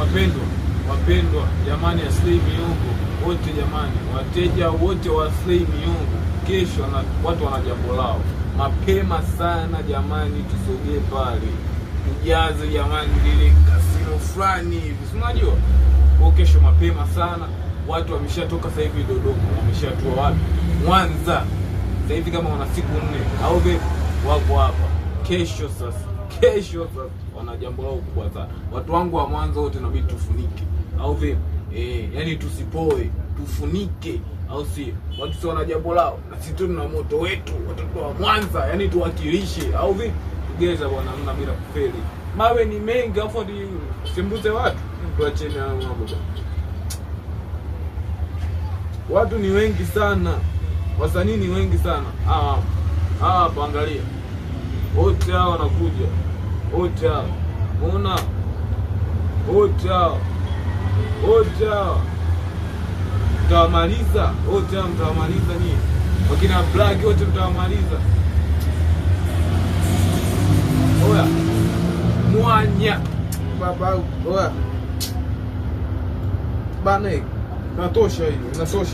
Wapendwa, wapendwa jamani, slei Miungu wote jamani, wateja wote wa slei Miungu, kesho na watu wana jambo lao mapema sana jamani, tusogee pale tujaze jamani, lile kasino fulani hivi, si unajua kesho mapema sana watu wameshatoka sasa hivi Dodoma, wameshatua wapi? Mwanza sasa hivi, kama wana siku nne au wako hapa kesho sasa kesho wana jambo lao kubwa sana. Watu wangu wa Mwanza wote inabidi tufunike, au vipi? Eh, yani tusipoe, tufunike au si watu si wana jambo lao, na sisi tuna moto wetu, watoto wa Mwanza, yani tuwakilishe, au vipi? Tugeza bwana, mna bila kufeli. Mawe ni mengi, afu ni sembuze watu, tuacheni hao mambo. Watu ni wengi sana, wasanii ni wengi sana. Ah, ah, angalia wote hao wanakuja, wote hao mona wote hao, wote hao mtawamaliza, wote hao mtawamaliza ni wakina blagi wote mtawamaliza. Oya mwanya baba, oya bane, natosha hii, natosha.